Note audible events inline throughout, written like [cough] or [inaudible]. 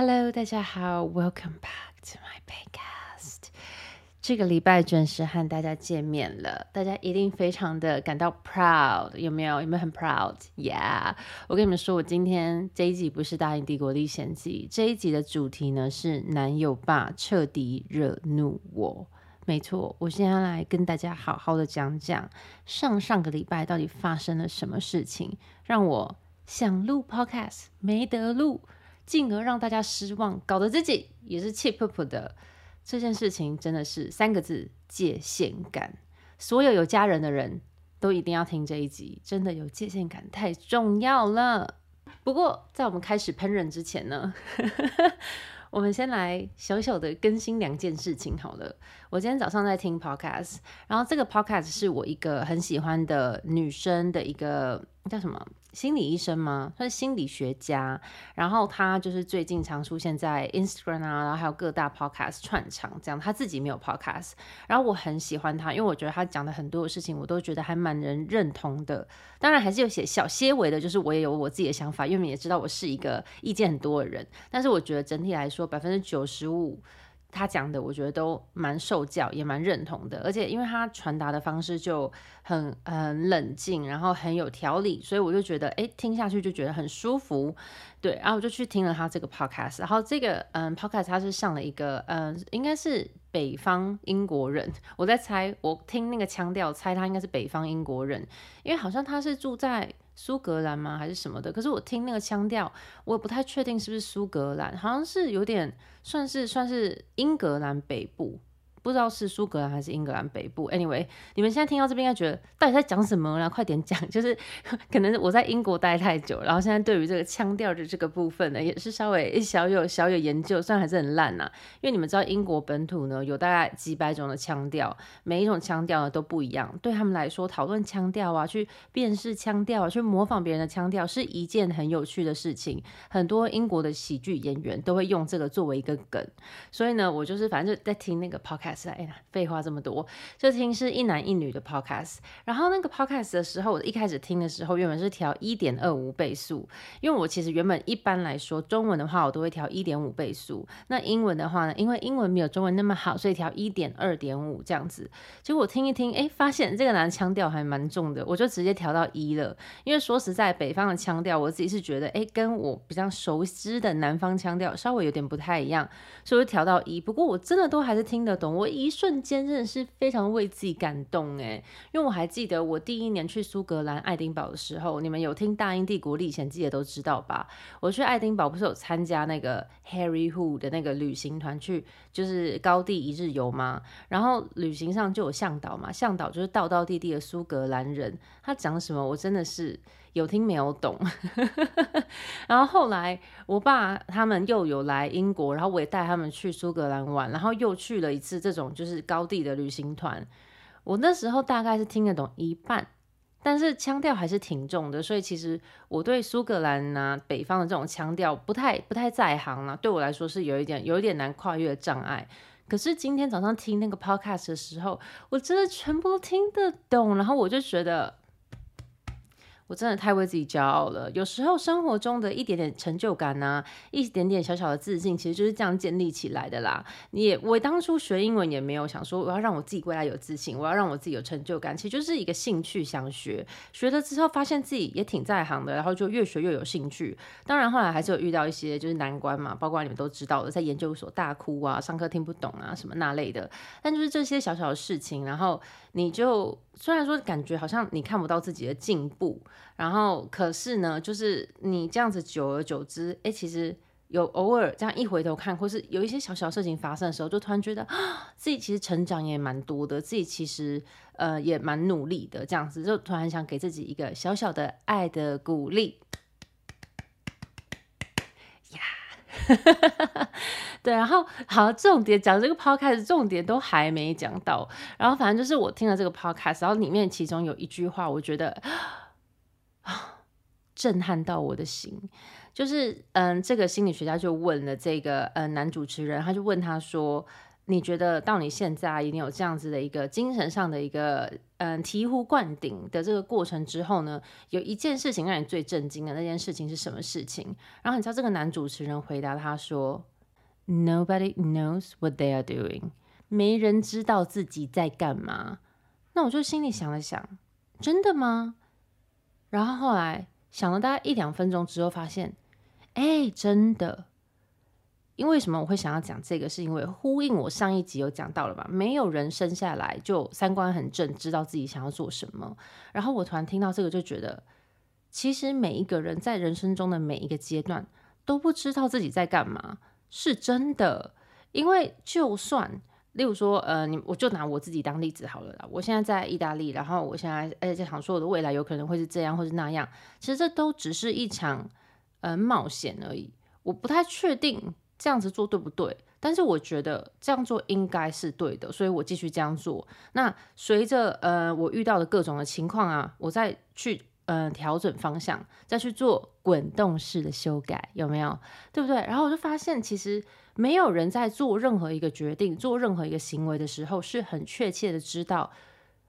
Hello，大家好，Welcome back to my p a y c a s t 這個禮拜準時和大家見面了，大家一定非常的感到 proud，有沒有？有沒有很 proud？Yeah，我跟你們說，我今天這一集不是《大英帝國歷險記》，這一集的主題呢是男友爸徹底惹怒我。沒錯，我現在來跟大家好好的講講，上上個禮拜到底發生了什麼事情，讓我想錄 podcast 沒得錄。進而讓大家失望，搞得自己也是氣噗噗的，這件事情真的是三個字：界限感。所有有家人的人，都一定要聽這一集，真的有界限感太重要了。不過，在我們開始噴人之前呢， [laughs] 我們先來小小的更新兩件事情好了。我今天早上在聽 podcast，然後這個 podcast 是我一個很喜歡的女生的一個。叫什麼心理醫生嗎？他是心理學家，然後他就是最近常出現在 Instagram 啊，然後還有各大 podcast 串場，這樣他自己沒有 podcast。然後我很喜歡他，因為我覺得他講的很多事情我都覺得還蠻人認同的。當然還是有些小些微的，就是我也有我自己的想法，因為你也知道我是一個意見很多的人。但是我覺得整體來說95，百分之九十五。他講的，我覺得都蠻受教，也蠻認同的。而且，因為他傳達的方式就很很、嗯、冷靜，然後很有條理，所以我就覺得，誒，聽下去就覺得很舒服。對，然後我就去聽了他這個 podcast。然後這個，嗯，podcast 他是上了一個，嗯，應該是北方英國人，我在猜，我聽那個腔調，猜他應該是北方英國人，因為好像他是住在。蘇格蘭嗎？還是什麼的？可是我聽那個腔調，我也不太確定是不是蘇格蘭，好像是有點算是算是英格蘭北部。不知道是蘇格蘭還是英格蘭北部。Anyway，你們現在聽到這邊應該覺得到底在講什麼呢？啊？快點講！就是可能我在英國待太久，然後現在對於這個腔調的這個部分呢，也是稍微一小有小有研究，雖然還是很爛吶，啊。因為你們知道英國本土呢有大概幾百種的腔調，每一種腔調呢都不一樣。對他們來說，討論腔調啊，去辨識腔調啊，去模仿別人的腔調是一件很有趣的事情。很多英國的喜劇演員都會用這個作為一個梗。所以呢，我就是反正就在聽那個 podcast。哎呀，廢話這麼多，就聽是一男一女的 podcast。然後那個 podcast 的時候，我一開始聽的時候，原本是調一點二五倍速，因為我其實原本一般來說中文的話，我都會調一點五倍速。那英文的話呢，因為英文沒有中文那麼好，所以調一點二點五這樣子。結果我聽一聽，哎，發現這個男的腔調還蠻重的，我就直接調到一了。因為說實在，北方的腔調，我自己是覺得，哎，跟我比較熟悉的南方腔調稍微有點不太一樣，所以我就調到一。不過我真的都還是聽得懂。我一瞬間真的是非常為自己感動誒，因為我還記得我第一年去蘇格蘭愛丁堡的時候，你們有聽《大英帝國歷險記》的都知道吧？我去愛丁堡不是有參加那個 Harry Hood 的那個旅行團去，就是高地一日遊嗎？然後旅行上就有向導嘛，向導就是道道地地的蘇格蘭人。他講什麼，我真的是有聽沒有懂。 [laughs] 然後後來我爸他們又有來英國，然後我也帶他們去蘇格蘭玩，然後又去了一次這種就是高地的旅行團。我那時候大概是聽得懂一半，但是腔調還是挺重的，所以其實我對蘇格蘭吶、啊、北方的這種腔調不太不太在行啊，對我來說是有一點有一點難跨越障礙。可是今天早上聽那個 podcast 的時候，我真的全部都聽得懂，然後我就覺得。我真的太為自己驕傲了。有時候生活中的一點點成就感呢、啊，一點點小小的自信，其實就是這樣建立起來的啦。你也我當初學英文也沒有想說我要讓我自己未來有自信，我要讓我自己有成就感，其實就是一個興趣想學。學了之後發現自己也挺在行的，然後就越學越有興趣。當然後來還是有遇到一些就是難關嘛，包括你們都知道的，在研究所大哭啊，上課聽不懂啊什麼那類的。但就是這些小小的事情，然後你就雖然說感覺好像你看不到自己的進步。然後，可是呢，就是你這樣子，久而久之，哎，其實有偶爾這樣一回頭看，或是有一些小小事情發生的時候，就突然覺得自己其實成長也蠻多的，自己其實呃也蠻努力的，這樣子就突然想給自己一個小小的愛的鼓勵。呀、yeah. [laughs] 對，然後好，重點講這個 podcast，重點都還沒講到。然後反正就是我聽了這個 podcast，然後裡面其中有一句話，我覺得。震撼到我的心，就是嗯，這個心理學家就問了這個呃、嗯、男主持人，他就問他說：“你覺得到你現在，你有這樣子的一個精神上的一個嗯醍醐灌頂的這個過程之後呢，有一件事情讓你最震驚的那件事情是什麼事情？”然後你知道這個男主持人回答他說：“Nobody knows what they are doing，沒人知道自己在幹嘛。”那我就心裡想了想，真的嗎？然後後來想了大概一兩分鐘之後，發現，哎，真的。因為什麼我會想要講這個？是因為呼應我上一集有講到了吧？沒有人生下來就三觀很正，知道自己想要做什麼。然後我突然聽到這個，就覺得其實每一個人在人生中的每一個階段都不知道自己在幹嘛，是真的。因為就算例如說，呃，你我就拿我自己當例子好了啦。我現在在意大利，然後我現在，哎，就想說我的未來有可能會是這樣，或是那樣。其實這都只是一場呃冒險而已。我不太確定這樣子做對不對，但是我覺得這樣做應該是對的，所以我繼續這樣做。那隨着呃我遇到的各種的情況啊，我再去呃調整方向，再去做滾動式的修改，有沒有？對不對？然後我就發現，其實。沒有人在做任何一個決定、做任何一個行為的時候，是很確切的知道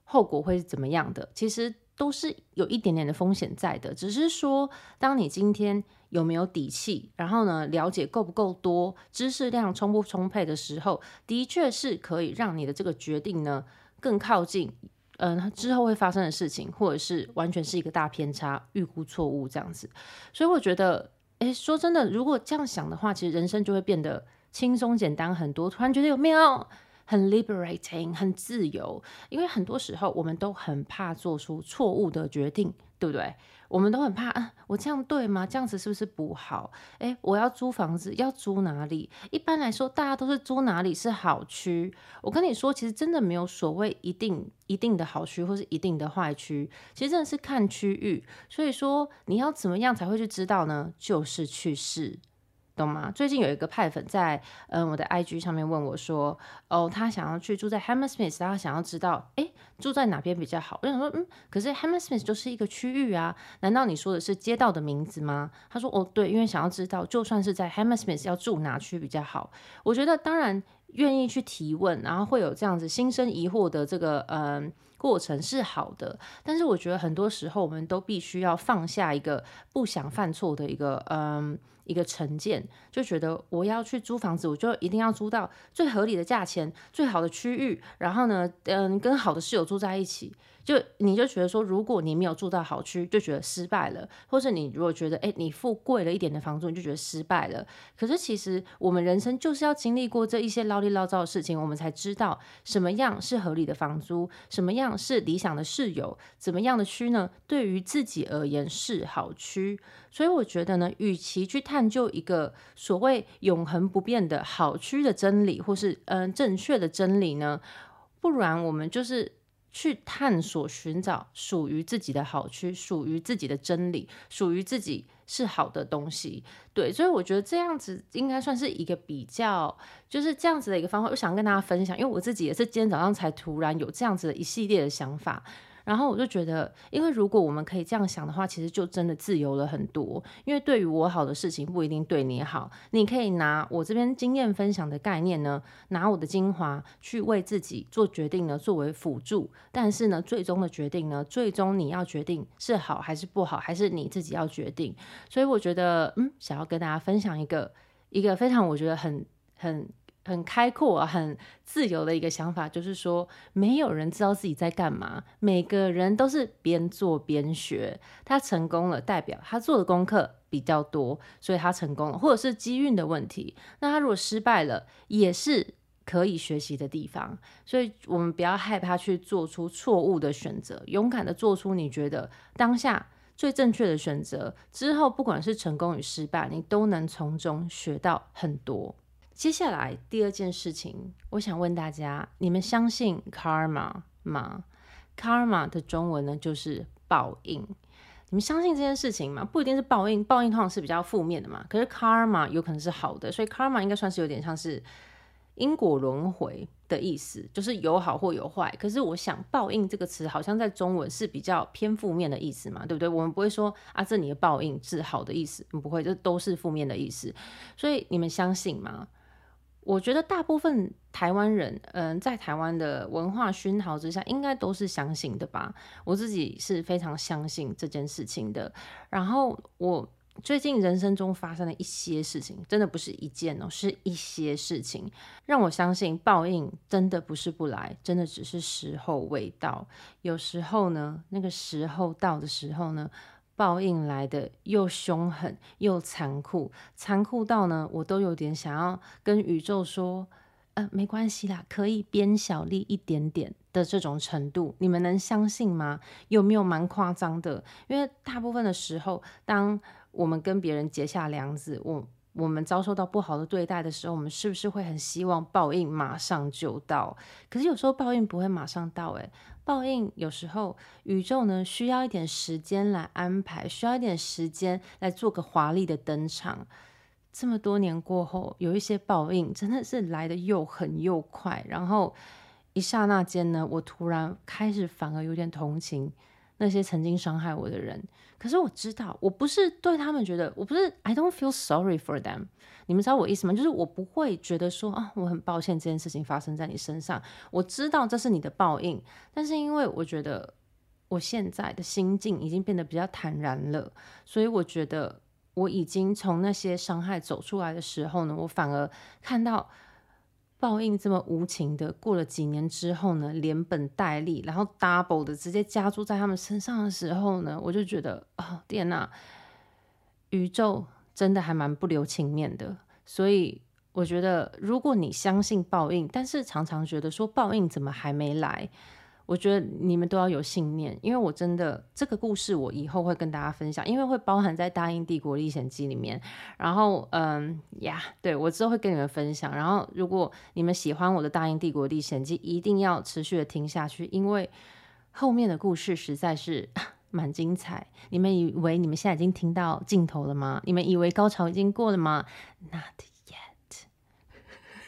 後果會是怎麼樣的。其實都是有一點點的風險在的，只是說，當你今天有沒有底氣，然後呢，了解夠不夠多，知識量充不充沛的時候，的確是可以讓你的這個決定呢更靠近，嗯、呃，之後會發生的事情，或者是完全是一個大偏差、預估錯誤這樣子。所以我覺得，誒，說真的，如果這樣想的話，其實人生就會變得。輕鬆簡單很多，突然覺得有沒有很 liberating，很自由？因為很多時候我們都很怕做出錯誤的決定，對不對？我們都很怕，啊。我這樣對嗎？這樣子是不是不好？哎，我要租房子，要租哪裡？一般來說，大家都是租哪裡是好區。我跟你說，其實真的沒有所謂一定一定的好區或是一定的壞區，其實真的是看區域。所以說，你要怎麼樣才會去知道呢？就是去試。懂嗎？最近有一個派粉在嗯我的 IG 上面問我說，哦，他想要去住在 Hammersmith，他想要知道，誒，住在哪邊比較好？我想說，嗯，可是 Hammersmith 就是一個區域啊，難道你說的是街道的名字嗎？他說，哦，對，因為想要知道，就算是在 Hammersmith 要住哪區比較好。我覺得當然願意去提問，然後會有這樣子心生疑惑的這個嗯過程是好的，但是我覺得很多時候我們都必須要放下一個不想犯錯的一個嗯。一個成見，就覺得我要去租房子，我就一定要租到最合理的價錢、最好的區域，然後呢，嗯，跟好的室友住在一起。就你就覺得說，如果你沒有住到好區，就覺得失敗了，或是你如果覺得，哎，你付貴了一點的房租，你就覺得失敗了。可是其實我們人生就是要經歷過這一些撈裡撈糟的事情，我們才知道什麼樣是合理的房租，什麼樣是理想的室友，怎麼樣的區呢？對於自己而言是好區。所以我覺得呢，與其去探究一個所謂永恆不變的好區的真理，或是嗯、呃、正確的真理呢，不然我們就是。去探索、尋找屬於自己的好區，屬於自己的真理，屬於自己是好的東西。對，所以我覺得這樣子應該算是一個比較，就是這樣子的一個方法。我想跟大家分享，因為我自己也是今天早上才突然有這樣子的一系列的想法。然後我就覺得，因為如果我們可以這樣想的話，其實就真的自由了很多。因為對於我好的事情不一定對你好。你可以拿我這邊經驗分享的概念呢，拿我的精華去為自己做決定呢，作為輔助。但是呢，最終的決定呢，最終你要決定是好還是不好，還是你自己要決定。所以我覺得，嗯，想要跟大家分享一個一個非常，我覺得很很。很開闊啊，很自由的一個想法，就是說沒有人知道自己在幹嘛，每個人都是邊做邊學。他成功了，代表他做的功課比較多，所以他成功了；或者是機運的問題。那他如果失敗了，也是可以學習的地方。所以，我們不要害怕去做出錯誤的選擇，勇敢的做出你覺得當下最正確的選擇。之後，不管是成功與失敗，你都能從中學到很多。接下來第二件事情，我想問大家：你們相信 karma 嗎？karma 的中文呢，就是報應。你們相信這件事情嗎？不一定是報應，報應通常是比較負面的嘛。可是 karma 有可能是好的，所以 karma 應該算是有點像是因果輪迴的意思，就是有好或有壞。可是我想報應這個詞好像在中文是比較偏負面的意思嘛，對不對？我們不會說啊，這你的報應是好的意思，我們不會，這都是負面的意思。所以你們相信嗎？我覺得大部分台灣人，嗯，在台灣的文化熏陶之下，應該都是相信的吧。我自己是非常相信這件事情的。然後我最近人生中發生的一些事情，真的不是一件哦，是一些事情讓我相信報應真的不是不來，真的只是時候未到。有時候呢，那個時候到的時候呢。報應來的又凶狠又殘酷，殘酷到呢，我都有點想要跟宇宙說，呃，沒關係啦，可以變小力一點點的這種程度，你們能相信嗎？有沒有蠻誇張的？因為大部分的時候，當我們跟別人結下梁子，我。我們遭受到不好的對待的時候，我們是不是會很希望報應馬上就到？可是有時候報應不會馬上到。欸，哎，報應有時候宇宙呢需要一點時間來安排，需要一點時間來做個華麗的登場。這麼多年過後，有一些報應真的是來得又狠又快，然後一剎那間呢，我突然開始反而有點同情。那些曾經傷害我的人，可是我知道，我不是對他們覺得，我不是 I don't feel sorry for them。你們知道我意思嗎？就是我不會覺得說啊、哦，我很抱歉這件事情發生在你身上。我知道這是你的報應，但是因為我覺得我現在的心境已經變得比較坦然了，所以我覺得我已經從那些傷害走出來的時候呢，我反而看到。報應這麼無情的，過了幾年之後呢，連本帶利，然後 double 的直接加註在他們身上的時候呢，我就覺得啊、哦，天哪，宇宙真的還蠻不留情面的。所以我覺得，如果你相信報應，但是常常覺得說報應怎麼還沒來？我覺得你們都要有信念，因為我真的這個故事我以後會跟大家分享，因為會包含在《大英帝國歷險記》裡面。然後，嗯呀，yeah, 對我之後會跟你們分享。然後，如果你們喜歡我的《大英帝國歷險記》，一定要持續的聽下去，因為後面的故事實在是蠻精彩。你們以為你們現在已經聽到盡頭了嗎？你們以為高潮已經過了嗎？Not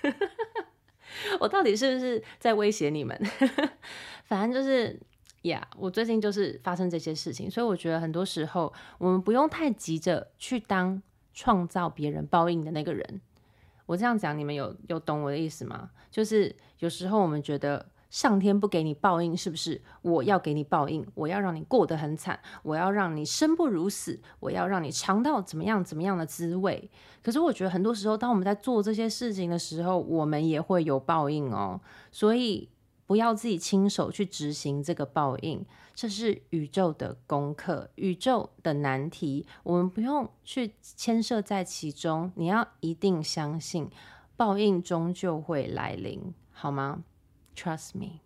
yet。 [laughs] 我到底是不是在威脅你們？ [laughs] 反正就是，呀、yeah，我最近就是發生這些事情，所以我覺得很多時候我們不用太急着去當創造別人報應的那個人。我這樣講，你們有有懂我的意思嗎？就是有時候我們覺得上天不給你報應，是不是？我要給你報應，我要讓你過得很慘，我要讓你生不如死，我要讓你嘗到怎麼樣怎麼樣的滋味。可是我覺得很多時候，當我們在做這些事情的時候，我們也會有報應哦。所以。不要自己親手去執行這個報應，這是宇宙的功課，宇宙的難題，我們不用去牽涉在其中。你要一定相信，報應終究會來臨，好嗎？Trust me。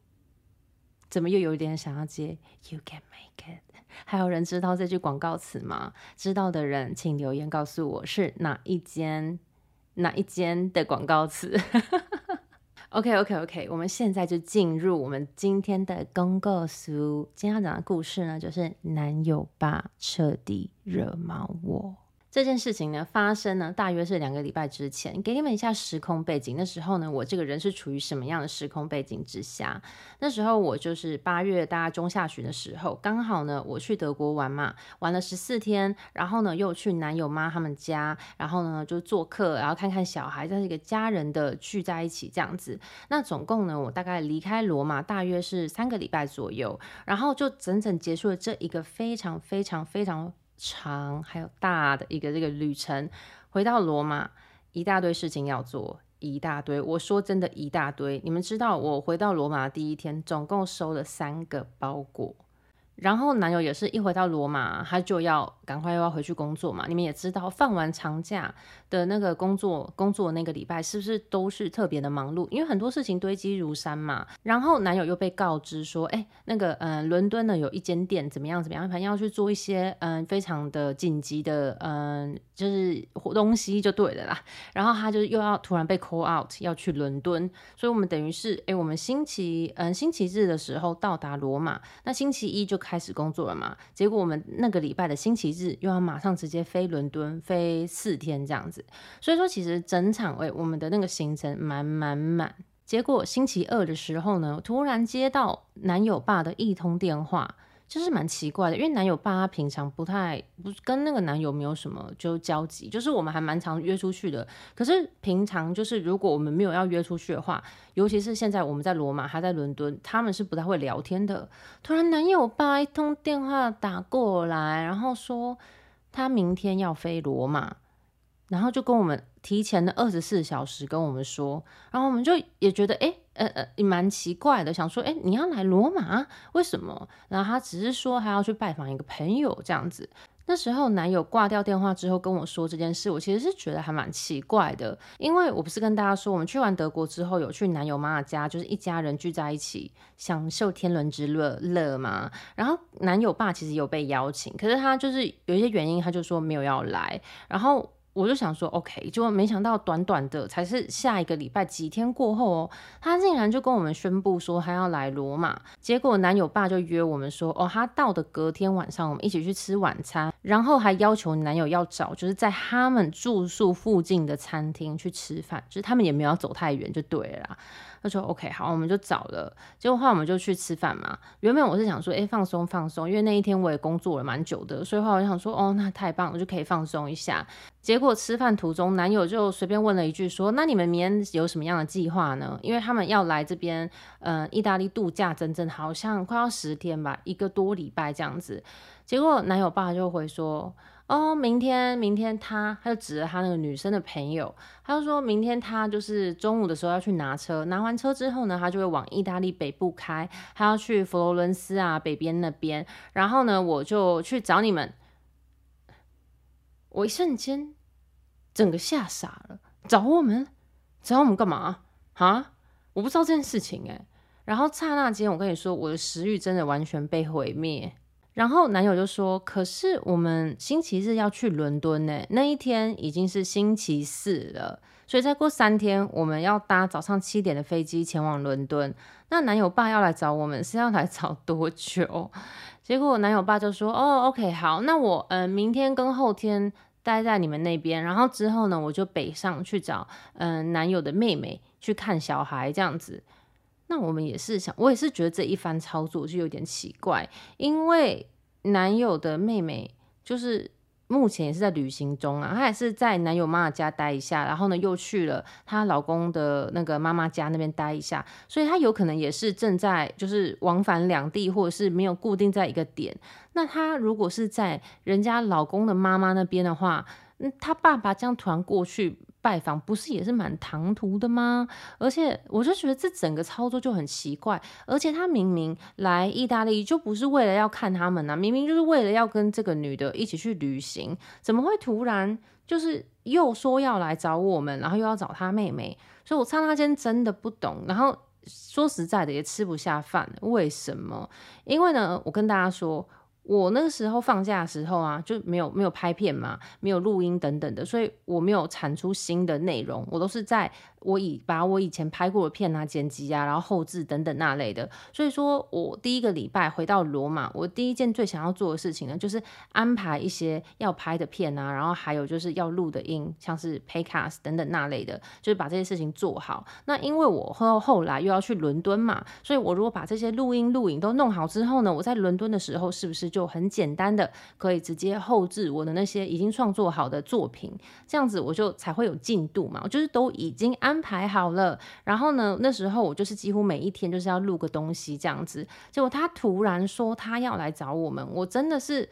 怎麼又有一點想要接？You can make it。還有人知道這句廣告詞嗎？知道的人請留言告訴我是哪一間，哪一間的廣告詞。 [laughs] OK，OK，OK，okay, okay, okay. 我們現在就進入我們今天的公告書。今天要講的故事呢，就是男友爸徹底惹毛我。這件事情呢發生呢，大約是兩個禮拜之前，給你們一下時空背景。那時候呢，我這個人是處於什麼樣的時空背景之下？那時候我就是八月大概中下旬的時候，剛好呢我去德國玩嘛，玩了十四天，然後呢又去男友媽他們家，然後呢就做客，然後看看小孩，這是一個家人的聚在一起這樣子。那總共呢，我大概離開羅馬大約是三個禮拜左右，然後就整整結束了這一個非常非常非常。長還有大的一個這個旅程，回到羅馬，一大堆事情要做，一大堆。我說真的，一大堆。你們知道，我回到羅馬第一天，總共收了三個包裹。然後男友也是一回到羅馬，他就要。趕快又要回去工作嘛！你們也知道，放完長假的那個工作工作那個禮拜，是不是都是特別的忙碌？因為很多事情堆積如山嘛。然後男友又被告知說：“哎，那個，嗯，倫敦呢有一間店怎麼樣怎麼樣，反正要去做一些嗯非常的緊急的嗯就是活東西就對了啦。”然後他就又要突然被 call out 要去倫敦，所以我們等於是哎，我們星期嗯星期日的時候到達羅馬，那星期一就開始工作了嘛。結果我們那個禮拜的星期。又要馬上直接飛倫敦，飛四天這樣子，所以說其實整場誒、欸，我們的那個行程滿滿滿，結果星期二的時候呢，突然接到男友爸的一通電話。就是蠻奇怪的，因為男友爸他平常不太不跟那個男友沒有什麼就交集，就是我們還蠻常約出去的。可是平常就是如果我們沒有要約出去的話，尤其是現在我們在羅馬，他在倫敦，他們是不太會聊天的。突然男友爸一通電話打過來，然後說他明天要飛羅馬。然後就跟我們提前了二十四小時跟我們說，然後我們就也覺得誒、欸、呃呃也蠻奇怪的，想說誒、欸、你要來羅馬為什麼？然後他只是說他要去拜訪一個朋友這樣子。那時候男友掛掉電話之後跟我說這件事，我其實是覺得還蠻奇怪的，因為我不是跟大家說我們去完德國之後有去男友媽媽家，就是一家人聚在一起享受天倫之樂樂嗎？然後男友爸其實有被邀請，可是他就是有一些原因，他就說沒有要來，然後。我就想說，OK，結果沒想到短短的才是下一個禮拜幾天過後哦，他竟然就跟我們宣布說他要來羅馬。結果男友爸就約我們說，哦，他到的隔天晚上我們一起去吃晚餐，然後還要求男友要找就是在他們住宿附近的餐廳去吃飯，就是他們也沒有走太遠就對了。就 OK，好，我們就找了。結果後來我們就去吃飯嘛。原本我是想說，哎、欸，放鬆放鬆，因為那一天我也工作了蠻久的，所以話我就想說，哦，那太棒了，我就可以放鬆一下。結果吃飯途中，男友就隨便問了一句，說：“那你們明天有什麼樣的計劃呢？”因為他們要來這邊，嗯、呃，意大利度假，整整好像快要十天吧，一個多禮拜這樣子。結果男友爸就回說。哦，明天，明天他他就指着他那個女生的朋友，他就說，明天他就是中午的時候要去拿車，拿完車之後呢，他就會往意大利北部開，他要去佛羅倫斯啊，北邊那邊。然後呢，我就去找你們。我一瞬間整個嚇傻了，找我們？找我們幹嘛？啊？我不知道這件事情欸。然後剎那間，我跟你說，我的食慾真的完全被毀滅。然後男友就說：“可是我們星期日要去倫敦呢，那一天已經是星期四了，所以再過三天我們要搭早上七點的飛機前往倫敦。那男友爸要來找我們，是要來找多久？”結果男友爸就說：“哦，OK，好，那我嗯、呃、明天跟後天待在你們那邊，然後之後呢，我就北上去找嗯、呃、男友的妹妹去看小孩，這樣子。”那我們也是想，我也是覺得這一番操作就有點奇怪，因為男友的妹妹就是目前也是在旅行中啊，她也是在男友媽媽家待一下，然後呢又去了她老公的那個媽媽家那邊待一下，所以她有可能也是正在就是往返兩地，或者是沒有固定在一個點。那她如果是在人家老公的媽媽那邊的話，嗯，她爸爸這樣突然過去。拜訪不是也是蠻唐突的嗎？而且我就覺得這整個操作就很奇怪，而且他明明來意大利就不是為了要看他們啊，明明就是為了要跟這個女的一起去旅行，怎麼會突然就是又說要來找我們，然後又要找他妹妹？所以我剎那間真的不懂。然後說實在的，也吃不下飯。為什麼？因為呢，我跟大家說。我那個時候放假的時候啊，就沒有沒有拍片嘛，沒有錄音等等的，所以我沒有產出新的內容。我都是在我以把我以前拍過的片啊，剪輯啊，然後後製等等那類的。所以說我第一個禮拜回到羅馬，我第一件最想要做的事情呢，就是安排一些要拍的片啊，然後還有就是要錄的音，像是 podcast 等等那類的，就是把這些事情做好。那因為我後後來又要去倫敦嘛，所以我如果把這些錄音錄影都弄好之後呢，我在倫敦的時候是不是？就很簡單的可以直接後製我的那些已經創作好的作品，這樣子我就才會有進度嘛。我就是都已經安排好了，然後呢，那時候我就是幾乎每一天就是要錄個東西這樣子。結果他突然說他要來找我們，我真的是。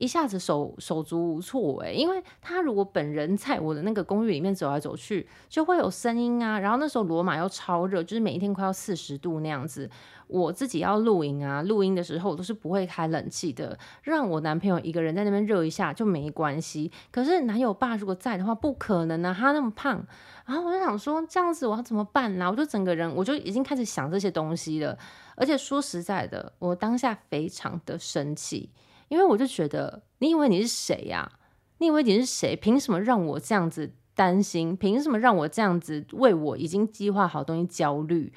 一下子手手足無措哎，因為他如果本人在我的那個公寓裡面走來走去，就會有聲音啊。然後那時候羅馬又超熱，就是每一天快要四十度那樣子。我自己要錄音啊，錄音的時候我都是不會開冷氣的，讓我男朋友一個人在那邊熱一下就沒關係。可是男友爸如果在的話，不可能啊，他那麼胖。然後我就想說，這樣子我要怎麼辦呢、啊？我就整個人我就已經開始想這些東西了。而且說實在的，我當下非常的生氣。因為我就覺得，你以為你是誰呀、啊？你以為你是誰？憑什麼讓我這樣子擔心？憑什麼讓我這樣子為我已經計劃好東西焦慮？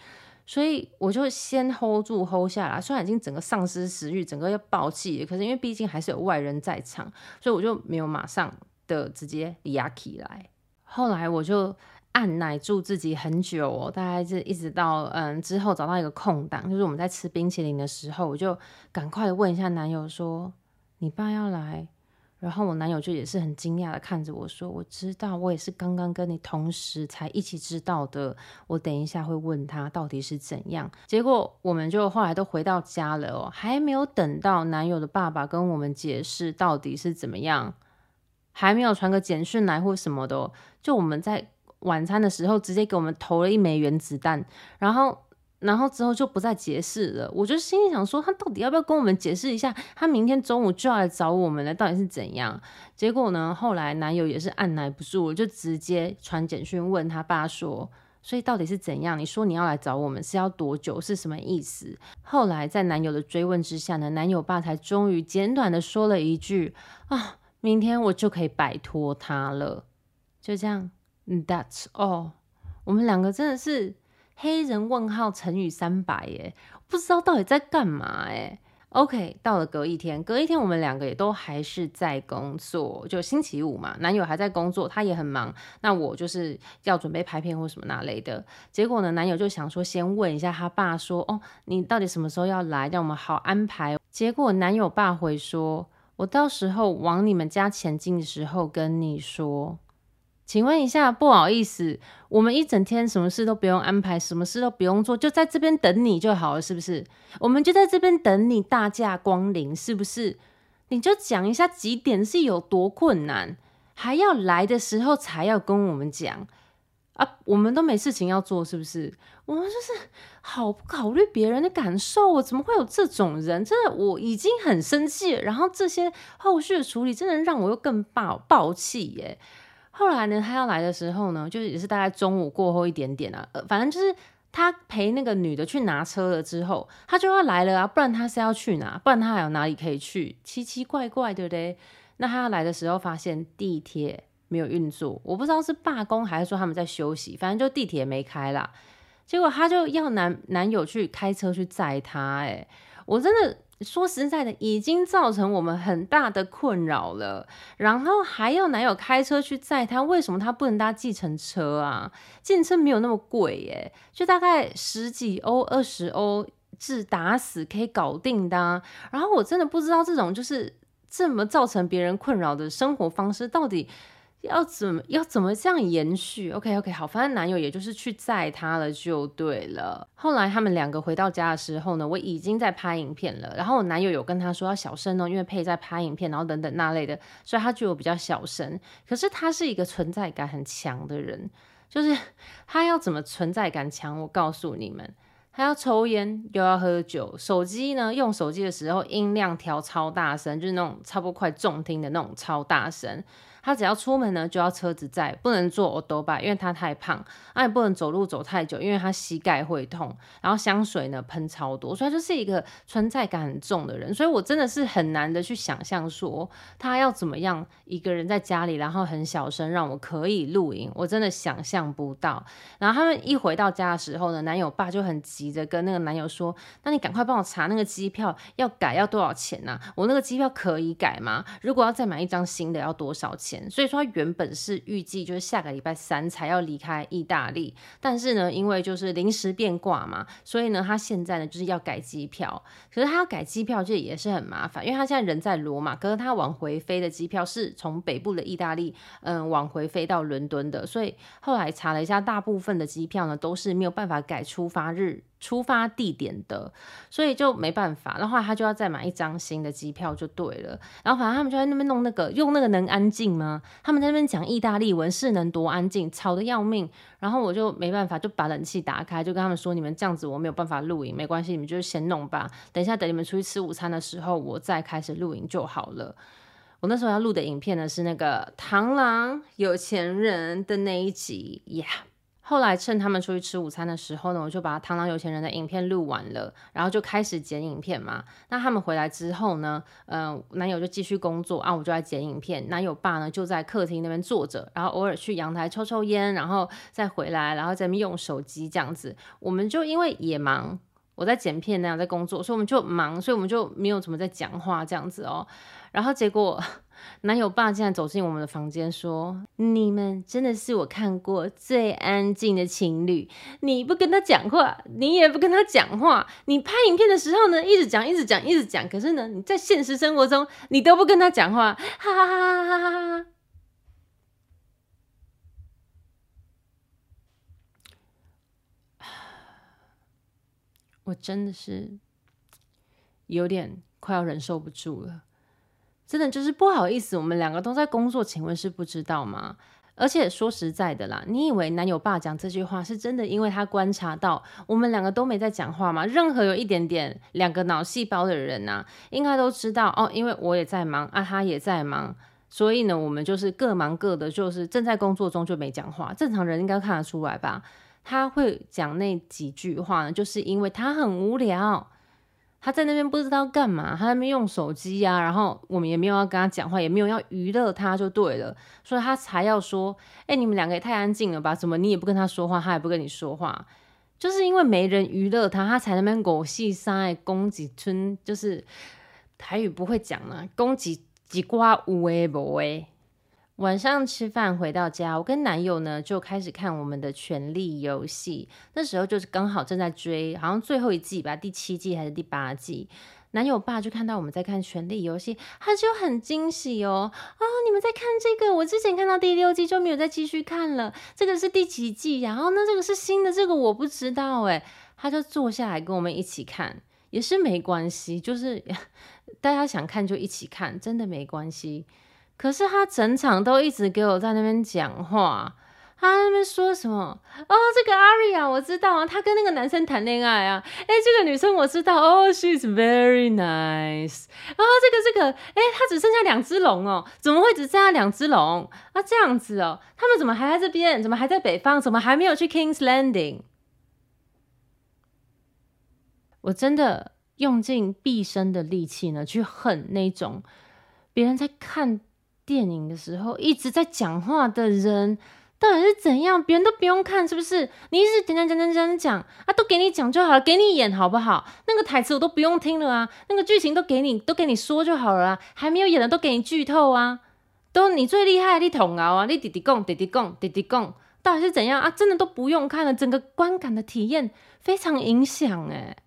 所以我就先 hold 住、hold 下來、啊。雖然已經整個喪失食欲，整個要爆氣了，可是因為畢竟還是有外人在場，所以我就沒有馬上的直接壓起來。後來我就按耐住自己很久、哦，大概是一直到嗯之後找到一個空檔，就是我們在吃冰淇淋的時候，我就趕快問一下男友說，你爸要來，然後我男友就也是很驚訝的看着我說：“我知道，我也是剛剛跟你同時才一起知道的。”我等一下會問他到底是怎樣。結果我們就後來都回到家了哦，還沒有等到男友的爸爸跟我們解釋到底是怎麼樣，還沒有傳個簡訊來或什麼的哦，就我們在晚餐的時候直接給我們投了一枚原子彈，然後。然後之後就不再解釋了，我就心裡想說，他到底要不要跟我們解釋一下？他明天中午就要來找我們了，到底是怎樣？結果呢，後來男友也是按捺不住，我就直接傳簡訊問他爸說，所以到底是怎樣？你說你要來找我們是要多久？是什麼意思？後來在男友的追問之下呢，男友爸才終於簡短的說了一句：啊，明天我就可以擺脫他了。就這樣，That's all。我們兩個真的是。黑人問號乘以三百耶，不知道到底在幹嘛耶。OK，到了隔一天，隔一天我們兩個也都還是在工作，就星期五嘛。男友還在工作，他也很忙。那我就是要準備拍片或什麼那類的。結果呢，男友就想說先問一下他爸說，說哦，你到底什麼時候要來，讓我們好安排。結果男友爸回說，我到時候往你們家前進的時候跟你說。請問一下，不好意思，我們一整天什麼事都不用安排，什麼事都不用做，就在這邊等你就好了，是不是？我們就在這邊等你大駕光臨，是不是？你就講一下幾點是有多困難，還要來的時候才要跟我們講啊？我們都沒事情要做，是不是？我們就是好不考慮別人的感受，我怎麼會有這種人？真的，我已經很生氣，然後這些後續的處理真的讓我又更爆爆氣耶。後來呢，他要來的時候呢，就是也是大概中午過後一點點啊、呃，反正就是他陪那個女的去拿車了之後，他就要來了啊，不然他是要去哪，不然他還有哪裡可以去，奇奇怪怪，對不對？那他要來的時候，發現地鐵沒有運作，我不知道是罷工還是說他們在休息，反正就地鐵沒開啦，結果他就要男男友去開車去載他，欸，哎，我真的。說實在的，已經造成我們很大的困擾了。然後還要男友開車去載他，為什麼他不能搭計程車啊？計程車沒有那麼貴耶，就大概十幾歐、二十歐，至打死可以搞定的啊。然後我真的不知道這種就是這麼造成別人困擾的生活方式到底。要怎麼要怎麼這樣延續？OK OK 好，反正男友也就是去載他了就對了。後來他們兩個回到家的時候呢，我已經在拍影片了。然後我男友有跟他說要小聲哦，因為配在拍影片，然後等等那類的，所以他覺得我比較小聲。可是他是一個存在感很強的人，就是他要怎麼存在感強？我告訴你們，他要抽菸又要喝酒，手機呢用手機的時候音量調超大聲，就是那種差不多快重聽的那種超大聲。他只要出門呢，就要車子在，不能坐歐兜拜，因為他太胖，啊也不能走路走太久，因為他膝蓋會痛。然後香水呢噴超多，所以他就是一個存在感很重的人。所以我真的是很難的去想象說他要怎麼樣一個人在家裡，然後很小聲讓我可以錄影，我真的想象不到。然後他們一回到家的時候呢，男友爸就很急着跟那個男友說：“那你趕快幫我查那個機票要改要多少錢呢、啊？我那個機票可以改嗎？如果要再買一張新的要多少錢？”所以說，他原本是預計就是下個禮拜三才要離開意大利，但是呢，因為就是臨時變卦嘛，所以呢，他現在呢就是要改機票。可是他要改機票就也是很麻煩，因為他現在人在羅馬，可是他往回飛的機票是從北部的意大利，嗯，往回飛到倫敦的，所以後來查了一下，大部分的機票呢都是沒有辦法改出發日，出發地點的，所以就沒辦法。然後後他就要再買一張新的機票就對了。然後反正他們就在那邊弄那個，用那個能安靜嗎？他們在那邊講意大利文是能多安靜，吵得要命。然後我就沒辦法，就把冷氣打開，就跟他們說：“你們這樣子我沒有辦法錄影，沒關係，你們就先弄吧。等一下等你們出去吃午餐的時候，我再開始錄影就好了。”我那時候要錄的影片呢是那個螳螂有錢人的那一集，Yeah! 後來趁他們出去吃午餐的時候呢，我就把《螳螂有錢人》的影片錄完了，然後就開始剪影片嘛。那他們回來之後呢，嗯、呃，男友就繼續工作啊，我就在剪影片。男友爸呢就在客廳那邊坐着，然後偶爾去陽台抽抽煙，然後再回來，然後在那邊用手機這樣子。我們就因為也忙，我在剪片那樣在工作，所以我們就忙，所以我們就沒有怎麼在講話這樣子哦。然後結果，男友爸竟然走進我們的房間，說：“你們真的是我看過最安靜的情侶。你不跟他講話，你也不跟他講話。你拍影片的時候呢，一直講，一直講，一直講。可是呢，你在現實生活中，你都不跟他講話。”哈哈哈哈哈哈！我真的是有點快要忍受不住了。真的就是不好意思，我們兩個都在工作，請問是不知道嗎？而且說實在的啦，你以為男友爸講這句話是真的，因為他觀察到我們兩個都沒在講話嗎？任何有一點點兩個腦細胞的人吶、啊，應該都知道哦，因為我也在忙，啊，他也在忙，所以呢，我們就是各忙各的，就是正在工作中就沒講話。正常人應該看得出來吧？他會講那幾句話呢，就是因為他很無聊。他在那邊不知道幹嘛，他在那邊用手機呀、啊，然後我們也沒有要跟他講話，也沒有要娛樂他就對了，所以他才要說：“哎、欸，你們兩個也太安靜了吧？怎麼你也不跟他說話，他也不跟你說話？就是因為沒人娛樂他，他才那邊狗上賽，攻擊村就是台語不會講啦，攻擊幾瓜烏誒，無誒。”晚上吃飯回到家，我跟男友呢就開始看我們的《權力遊戲》。那時候就是剛好正在追，好像最後一季吧，第七季還是第八季。男友爸就看到我們在看《權力遊戲》，他就很驚喜哦。哦，你們在看這個？我之前看到第六季就沒有再繼續看了，這個是第七季。然後呢，這個是新的，這個我不知道哎。他就坐下來跟我們一起看，也是沒關係，就是大家想看就一起看，真的沒關係。可是他整場都一直給我在那邊講話，他在那邊說什麼哦，這個 Arya 啊，我知道啊，他跟那個男生談戀愛啊。哎、欸，這個女生我知道，哦，she is very nice 哦。哦，這個這個，哎、這個欸，他只剩下兩隻龍哦，怎麼會只剩下兩隻龍？啊，這樣子哦、喔，他們怎麼還在這邊？怎麼還在北方？怎麼還沒有去 King's Landing？我真的用盡畢生的力氣呢，去恨那種別人在看電影的時候一直在講話的人到底是怎樣？別人都不用看，是不是？你一直點點點點講講講講講講啊，都給你講就好了，給你演好不好？那個台詞我都不用聽了啊，那個劇情都給你，都給你說就好了啊，還沒有演的都給你劇透啊，都你最厲害，你捅啊，你弟弟講，弟弟講，弟弟講，到底是怎樣啊？真的都不用看了，整個觀感的體驗非常影響哎、欸。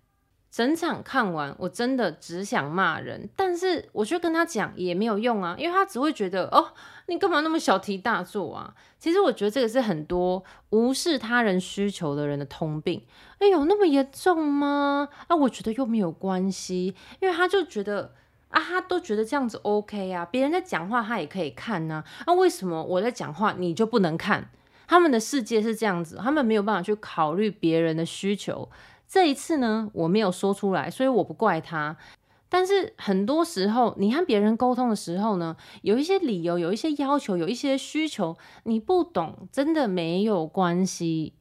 整場看完，我真的只想罵人，但是我去跟他講也沒有用啊，因為他只會覺得，哦，你幹嘛那麼小題大做啊？其實我覺得這個是很多無視他人需求的人的通病。哎呦，有那麼嚴重嗎？啊，我覺得又沒有關係，因為他就覺得啊，他都覺得這樣子 OK 啊，別人在講話他也可以看呢，啊。那，啊，為什麼我在講話你就不能看？他們的世界是這樣子，他們沒有辦法去考慮別人的需求。這一次呢，我沒有說出來，所以我不怪他。但是很多時候，你和別人溝通的時候呢，有一些理由，有一些要求，有一些需求，你不懂，真的沒有關係，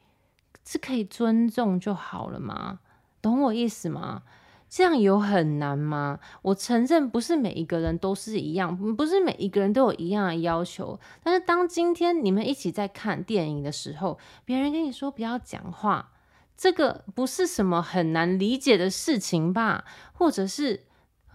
是可以尊重就好了嘛？懂我意思嗎？這樣有很難嗎？我承認，不是每一個人都是一樣，不是每一個人都有一樣的要求。但是當今天你們一起在看電影的時候，別人跟你說不要講話。這個不是什麼很難理解的事情吧？或者是，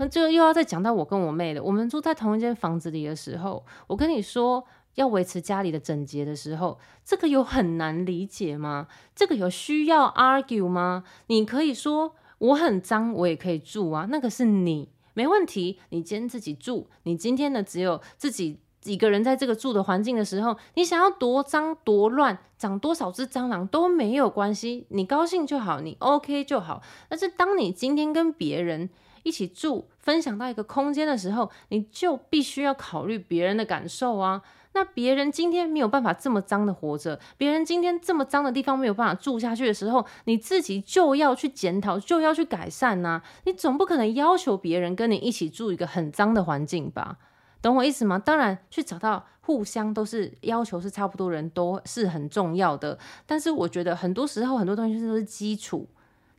就又要再講到我跟我妹了，我們住在同一間房子裡的時候，我跟你說要維持家裡的整潔的時候，這個有很難理解嗎？這個有需要 argue 嗎？你可以說我很髒，我也可以住啊，那個是你沒問題，你今天自己住，你今天呢只有自己。幾個人在這個住的環境的時候，你想要多髒多亂，長多少隻蟑螂都沒有關係，你高興就好，你 OK 就好。但是當你今天跟別人一起住，分享到一個空間的時候，你就必須要考慮別人的感受啊。那別人今天沒有辦法這麼髒的活着，別人今天這麼髒的地方沒有辦法住下去的時候，你自己就要去檢討，就要去改善啊。你總不可能要求別人跟你一起住一個很髒的環境吧？懂我意思嗎？當然，去找到互相都是要求是差不多人都是很重要的。但是我覺得很多時候很多東西都是基礎。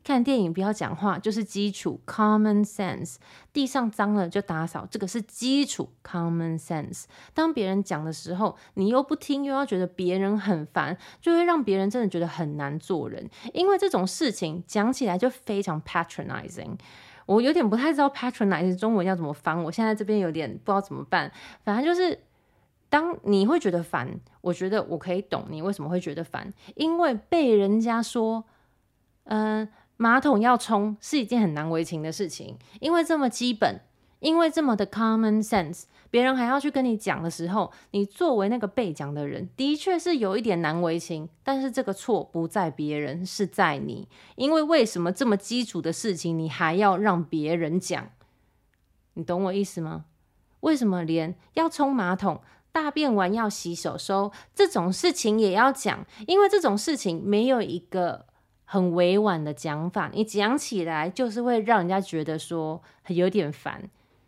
看電影不要講話就是基礎，common sense。地上髒了就打掃，這個是基礎，common sense。當別人講的時候，你又不聽，又要覺得別人很煩，就會讓別人真的覺得很難做人。因為這種事情講起來就非常 patronizing。我有點不太知道 patronize 這個中文要怎麼翻，我現在這邊有點不知道怎麼辦。反正就是，當你會覺得煩，我覺得我可以懂你為什麼會覺得煩，因為被人家說，呃，馬桶要沖是一件很難為情的事情，因為這麼基本。因為這麼的 common sense，別人還要去跟你講的時候，你作為那個被講的人，的確是有一點難為情。但是這個錯不在別人，是在你。因為為什麼這麼基礎的事情，你還要讓別人講？你懂我意思嗎？為什麼連要沖馬桶、大便完要洗手收、收這種事情也要講？因為這種事情沒有一個很委婉的講法，你講起來就是會讓人家覺得說有點煩。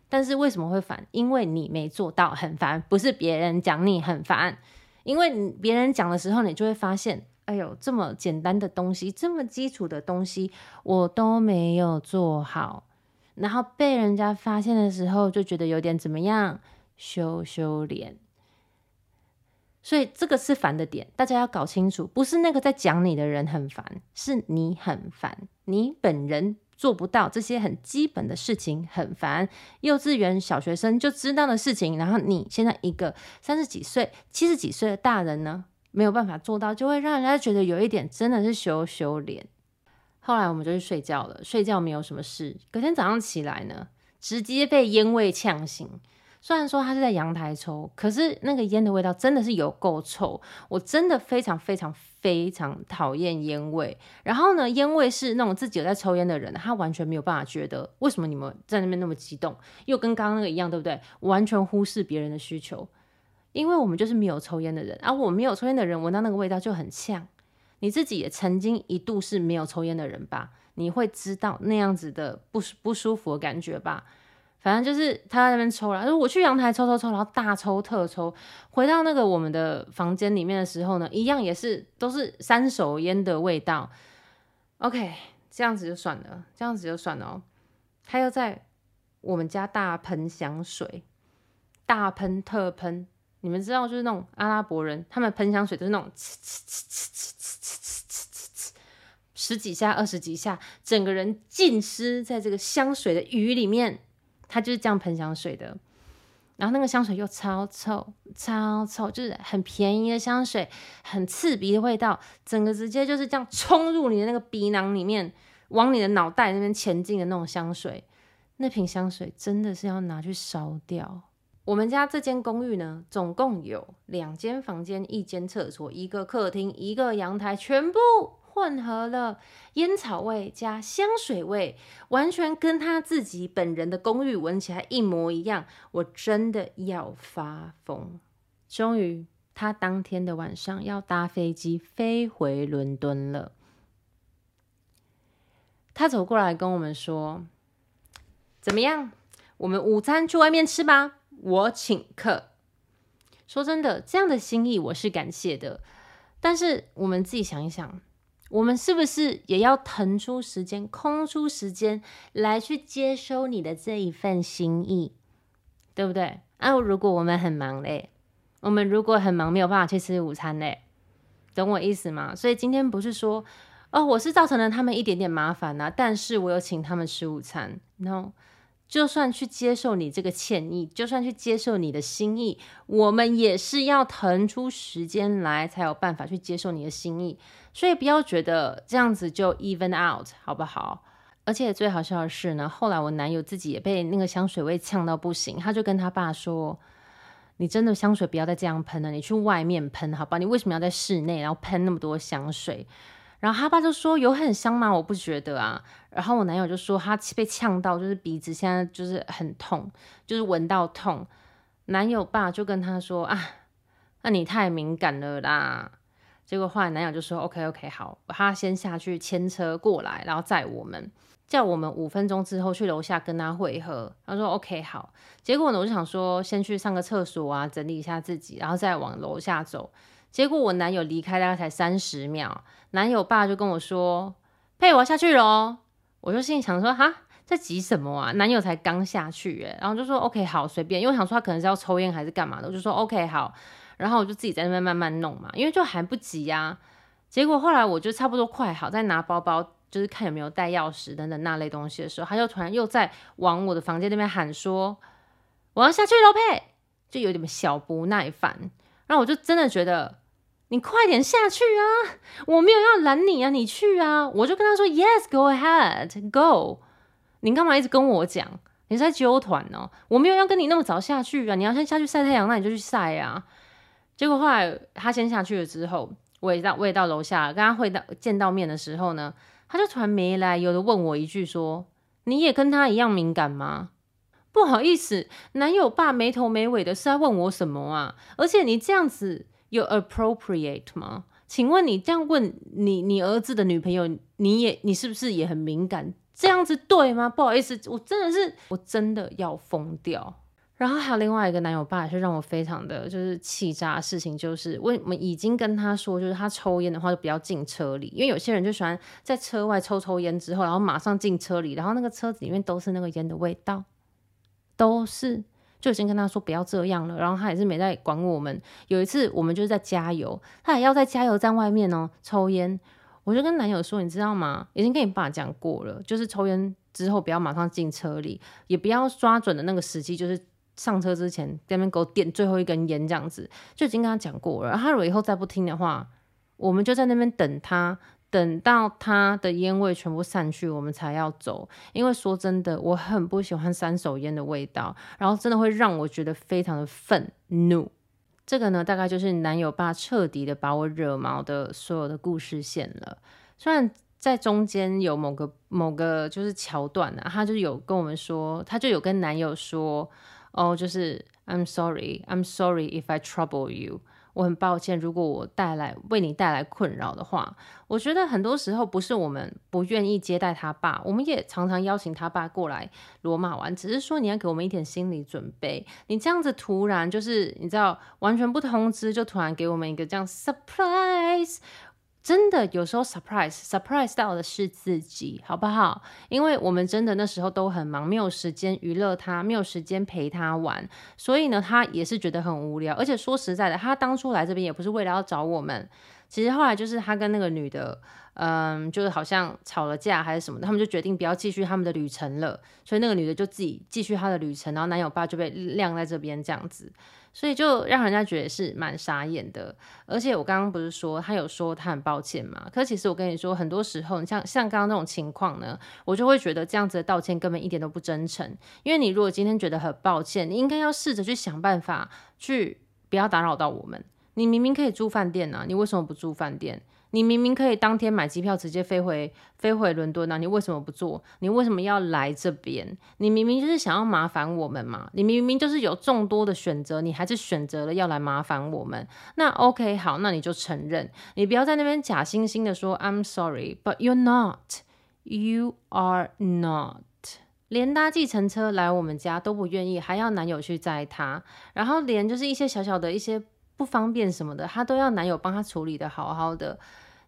但是為什麼會煩？因為你沒做到，很煩。不是別人講你很煩，因為別人講的時候，你就會發現，哎呦，這麼簡單的東西，這麼基礎的東西，我都沒有做好。然後被人家發現的時候，就覺得有點怎麼樣，羞羞臉。所以這個是煩的點，大家要搞清楚，不是那個在講你的人很煩，是你很煩，你本人。做不到這些很基本的事情，很煩。幼稚園小學生就知道的事情，然後你現在一個三十幾歲、七十幾歲的大人呢，沒有辦法做到，就會讓人家覺得有一點真的是羞羞臉。後來我們就去睡覺了，睡覺沒有什麼事。隔天早上起來呢，直接被煙味嗆醒。雖然說他是在陽台抽，可是那個煙的味道真的是有夠臭，我真的非常非常非常討厭煙味。然後呢，煙味是那種自己有在抽煙的人，他完全沒有辦法覺得為什麼你們在那邊那麼激動，又跟剛剛那個一樣，對不對？完全忽視別人的需求，因為我們就是沒有抽煙的人，而、啊、我沒有抽煙的人聞到那個味道就很嗆。你自己也曾經一度是沒有抽煙的人吧？你會知道那樣子的不不舒服的感覺吧？反正就是他在那邊抽了，然後我去陽台抽抽抽，然後大抽特抽。回到那個我們的房間裡面的時候呢，一樣也是都是三手菸的味道。OK，這樣子就算了，這樣子就算了喔。哦。他又在我們家大噴香水，大噴特噴。你們知道，就是那種阿拉伯人，他們噴香水都是那種，十幾下、二十幾下，整個人浸濕在這個香水的雨裡面。它就是這樣噴香水的，然後那個香水又超臭，超臭，就是很便宜的香水，很刺鼻的味道，整個直接就是這樣衝入你的那個鼻囊裡面，往你的腦袋那邊前進的那種香水。那瓶香水真的是要拿去燒掉。我們家這間公寓呢，總共有兩間房間、一間廁所、一個客廳、一個陽台，全部。混合了煙草味加香水味，完全跟他自己本人的公寓聞起來一模一樣。我真的要發瘋！終於，他當天的晚上要搭飛機飛回倫敦了。他走過來跟我們說：“怎麼樣？我們午餐去外面吃吧，我請客。”說真的，這樣的心意我是感謝的。但是我們自己想一想。我們是不是也要騰出時間、空出時間來去接收你的這一份心意，對不對？啊，如果我們很忙嘞，我們如果很忙沒有辦法去吃午餐嘞，懂我意思嗎？所以今天不是說，哦，我是造成了他們一點點麻煩吶、啊，但是我有請他們吃午餐，no. 就算去接受你這個歉意，就算去接受你的心意，我們也是要騰出時間來，才有辦法去接受你的心意。所以不要覺得這樣子就 even out 好不好？而且最好笑的是呢，後來我男友自己也被那個香水味嗆到不行，他就跟他爸說：“你真的香水不要再這樣噴了，你去外面噴好不好？你為什麼要在室內然後噴那麼多香水？”然後他爸就說：“有很香嗎？我不覺得啊。”然後我男友就說：“他被嗆到，就是鼻子現在就是很痛，就是聞到痛。”男友爸就跟他說：“啊，那你太敏感了啦。”結果後來男友就說：“OK OK，好，他先下去牽車過來，然後載我們，叫我們五分鐘之後去樓下跟他會合。”他說：“OK 好。”結果呢，我就想說，先去上個廁所啊，整理一下自己，然後再往樓下走。結果我男友離開大概才三十秒，男友爸就跟我說：“佩，我要下去咯。”我就心裡想說：“哈，在急什麼啊？男友才剛下去耶。”然後就說：“OK，好，隨便。”因為我想說他可能是要抽菸還是幹嘛的，我就說：“OK，好。”然後我就自己在那邊慢慢弄嘛，因為就還不急呀、啊。結果後來我就差不多快好，在拿包包，就是看有沒有帶鑰匙等等那類東西的時候，他就突然又在往我的房間那邊喊說：“我要下去了，佩。”就有點小不耐煩。然後我就真的覺得。你快點下去啊！我沒有要攔你啊，你去啊！我就跟他說：“Yes, go ahead, go。”你幹嘛一直跟我講？你是在揪團哦？我沒有要跟你那麼早下去啊！你要先下去曬太陽，那你就去曬啊。結果後來他先下去了，之後我也到我也到樓下跟他會到見到面的時候呢，他就突然沒來由的問我一句說：“你也跟他一樣敏感嗎？”不好意思，男友爸沒頭沒尾的是在問我什麼啊？而且你這樣子。有 appropriate 嗎？請問你這樣問你你兒子的女朋友，你也你是不是也很敏感？這樣子對嗎？不好意思，我真的是我真的要瘋掉。然後還有另外一個男友爸也是讓我非常的就是氣炸的事情，就是為我們已經跟他說，就是他抽煙的話就不要進車裡，因為有些人就喜歡在車外抽抽煙之後，然後馬上進車裡，然後那個車子裡面都是那個煙的味道，都是。就先跟他說不要這樣了，然後他也是沒再管我們。有一次我們就是在加油，他還要在加油站外面哦抽煙。我就跟男友說，你知道嗎？已經跟你爸講過了，就是抽煙之後不要馬上進車裡，也不要抓準的那個時機，就是上車之前在那邊給我點最後一根煙，這樣子就已經跟他講過了。然後他如果以後再不聽的話，我們就在那邊等他。等到他的煙味全部散去，我們才要走。因為說真的，我很不喜歡三手煙的味道，然後真的會讓我覺得非常的憤怒。這個呢，大概就是男友爸徹底的把我惹毛的所有的故事線了。雖然在中間有某個某個就是橋段啊，他就有跟我們說，他就有跟男友說，哦，就是 I'm sorry, I'm sorry if I trouble you。我很抱歉，如果我帶來為你帶來困擾的話，我覺得很多時候不是我們不願意接待他爸，我們也常常邀請他爸過來羅馬玩，只是說你要給我們一點心理準備，你這樣子突然就是你知道完全不通知，就突然給我們一個這樣 surprise。真的有時候 surprise surprise 到的是自己，好不好？因為我們真的那時候都很忙，沒有時間娛樂他，沒有時間陪他玩，所以呢，他也是覺得很無聊。而且說實在的，他當初來這邊也不是為了要找我們。其實後來就是他跟那個女的，嗯，就是好像吵了架還是什麼的，他們就決定不要繼續他們的旅程了。所以那個女的就自己繼續她的旅程，然後男友爸就被晾在這邊這樣子，所以就讓人家覺得是蠻傻眼的。而且我剛剛不是說他有說他很抱歉嘛？可其實我跟你說，很多時候你像像剛剛那種情況呢，我就會覺得這樣子的道歉根本一點都不真誠。因為你如果今天覺得很抱歉，你應該要試着去想辦法去不要打擾到我們。你明明可以住飯店啊，你為什麼不住飯店？你明明可以當天買機票直接飛回飛回倫敦啊，你為什麼不做？你為什麼要來這邊？你明明就是想要麻煩我們嘛！你明明就是有眾多的選擇，你還是選擇了要來麻煩我們。那 OK，好，那你就承認，你不要在那邊假惺惺的說 I'm sorry, but you're not. You are not。連搭計程車來我們家都不願意，還要男友去載她，然後連就是一些小小的一些。不方便什麼的，他都要男友幫他處理的好好的。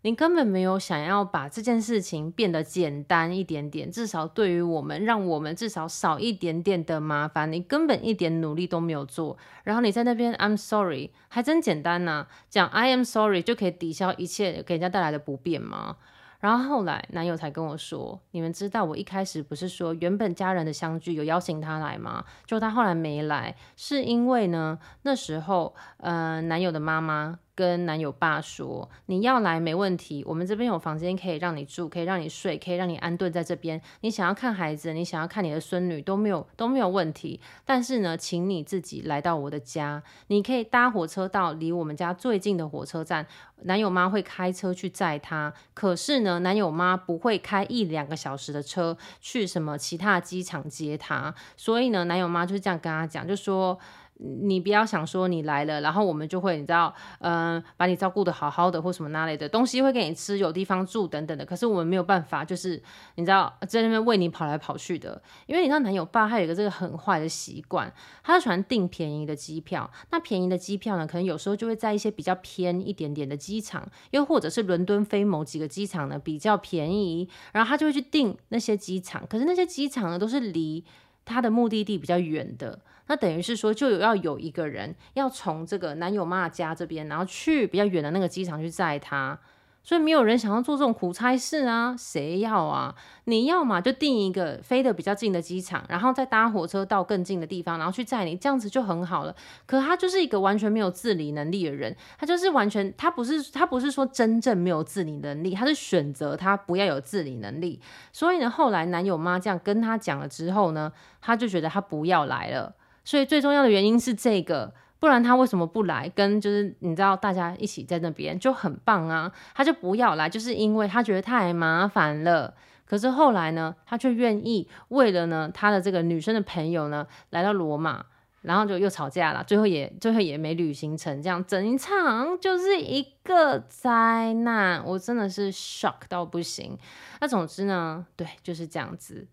你根本沒有想要把這件事情變得簡單一點點，至少對於我們，讓我們至少少一點點的麻煩。你根本一點努力都沒有做，然後你在那邊 I'm sorry，還真簡單呢、啊。講 I am sorry 就可以抵消一切給人家帶來的不便嗎？然後後來男友才跟我說，你們知道我一開始不是說原本家人的相聚有邀請他來嗎？就他後來沒來，是因為呢，那時候，呃，男友的媽媽。跟男友爸說，你要來沒問題，我們這邊有房間可以讓你住，可以讓你睡，可以讓你安頓在這邊。你想要看孩子，你想要看你的孫女，都沒有都沒有問題。但是呢，請你自己來到我的家，你可以搭火車到離我們家最近的火車站，男友媽會開車去載他。可是呢，男友媽不會開一兩個小時的車去什麼其他機場接他，所以呢，男友媽就是這樣跟他講，就說。你不要想說你來了，然後我們就會你知道，嗯，把你照顧得好好的或什麼那類的東西會給你吃，有地方住等等的。可是我們沒有辦法，就是你知道在那邊為你跑來跑去的。因為你知道，男友爸他有一個這個很壞的習慣，他就喜歡訂便宜的機票。那便宜的機票呢，可能有時候就會在一些比較偏一點點的機場，又或者是倫敦飛某幾個機場呢，比較便宜，然後他就會去訂那些機場。可是那些機場呢，都是離他的目的地比較遠的。那等於是說，就有要有一個人要從這個男友媽家這邊，然後去比較遠的那個機場去載他，所以沒有人想要做這種苦差事啊，誰要啊？你要嘛就訂一個飛得比較近的機場，然後再搭火車到更近的地方，然後去載你，這樣子就很好了。可他就是一個完全沒有自理能力的人，他就是完全他不是他不是說真正沒有自理能力，他是選擇他不要有自理能力。所以呢，後來男友媽這樣跟他講了之後呢，他就覺得他不要來了。所以最重要的原因是這個，不然他為什麼不來？跟就是你知道，大家一起在那邊就很棒啊，他就不要來，就是因為他覺得太麻煩了。可是後來呢，他卻願意為了呢他的這個女生的朋友呢來到羅馬，然後就又吵架了，最後也最後也沒旅行成，這樣整場就是一個災難，我真的是 shock 到不行。那總之呢，對，就是這樣子。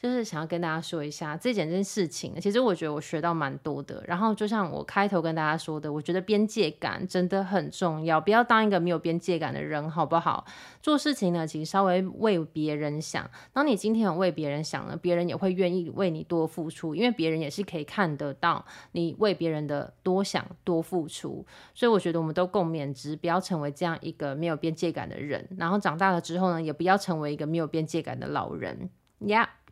就是想要跟大家說一下這件事情，其實我覺得我學到蠻多的。然後就像我開頭跟大家說的，我覺得邊界感真的很重要，不要當一個沒有邊界感的人，好不好？做事情呢，請稍微為別人想。當你今天有為別人想了，別人也會願意為你多付出，因為別人也是可以看得到你為別人的多想多付出。所以我覺得我們都共勉之，不要成為這樣一個沒有邊界感的人。然後長大了之後呢，也不要成為一個沒有邊界感的老人呀。Yeah.